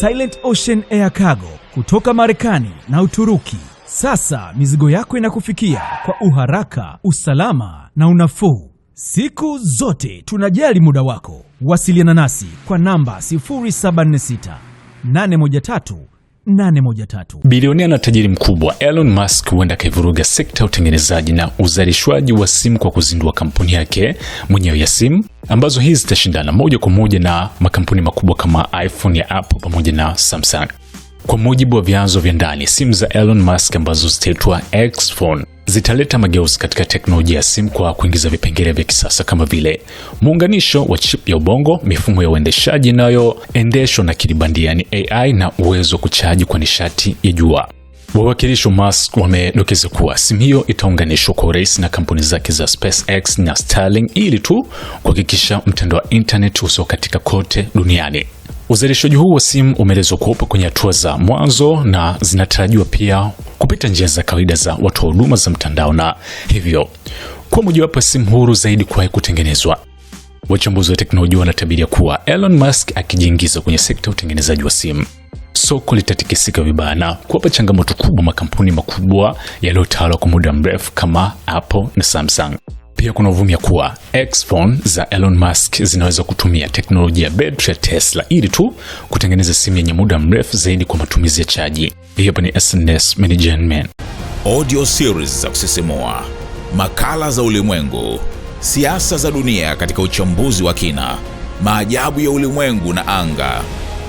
Silent Ocean Air Cargo kutoka Marekani na Uturuki. Sasa mizigo yako inakufikia kwa uharaka, usalama na unafuu. Siku zote tunajali muda wako. Wasiliana nasi kwa namba 076 813 813. Bilionea na tajiri mkubwa Elon Musk huenda akaivuruga sekta ya utengenezaji na uzalishwaji wa simu kwa kuzindua kampuni yake mwenyewe ya simu ambazo hizi zitashindana moja kwa moja na makampuni makubwa kama iPhone ya Apple pamoja na Samsung. Kwa mujibu wa vyanzo vya ndani, simu za Elon Musk ambazo zitaitwa Xphone zitaleta mageuzi katika teknolojia ya simu kwa kuingiza vipengele vya kisasa kama vile muunganisho wa chip ya ubongo, mifumo ya uendeshaji inayoendeshwa na akili AI, na uwezo wa kuchaji kwa nishati ya jua. Wawakilishi wa Musk wamedokeza kuwa simu hiyo itaunganishwa kwa urahisi na kampuni zake za SpaceX na Starlink ili tu kuhakikisha mtandao wa internet usiokatika kote duniani. Uzalishaji huu wa simu umeelezwa kuopa kwenye hatua za mwanzo na zinatarajiwa pia kupita njia za kawaida za watu wa huduma za mtandao na hivyo kuwa mojawapo ya simu huru zaidi kuwahi kutengenezwa. Wachambuzi wa teknolojia wanatabiria kuwa Elon Musk akijiingiza kwenye sekta ya utengenezaji wa simu soko litatikisika vibaya na kuwapa changamoto kubwa makampuni makubwa yaliyotawala kwa muda mrefu kama Apple na Samsung. Pia kuna ya kuwa x za Elon Musk zinaweza kutumia teknolojia ya betri ya Tesla ili tu kutengeneza simu yenye muda mrefu zaidi kwa matumizi ya chaji. Hiyo ni SNS Management. Audio series za kusisimua, makala za ulimwengu, siasa za dunia katika uchambuzi wa kina, maajabu ya ulimwengu na anga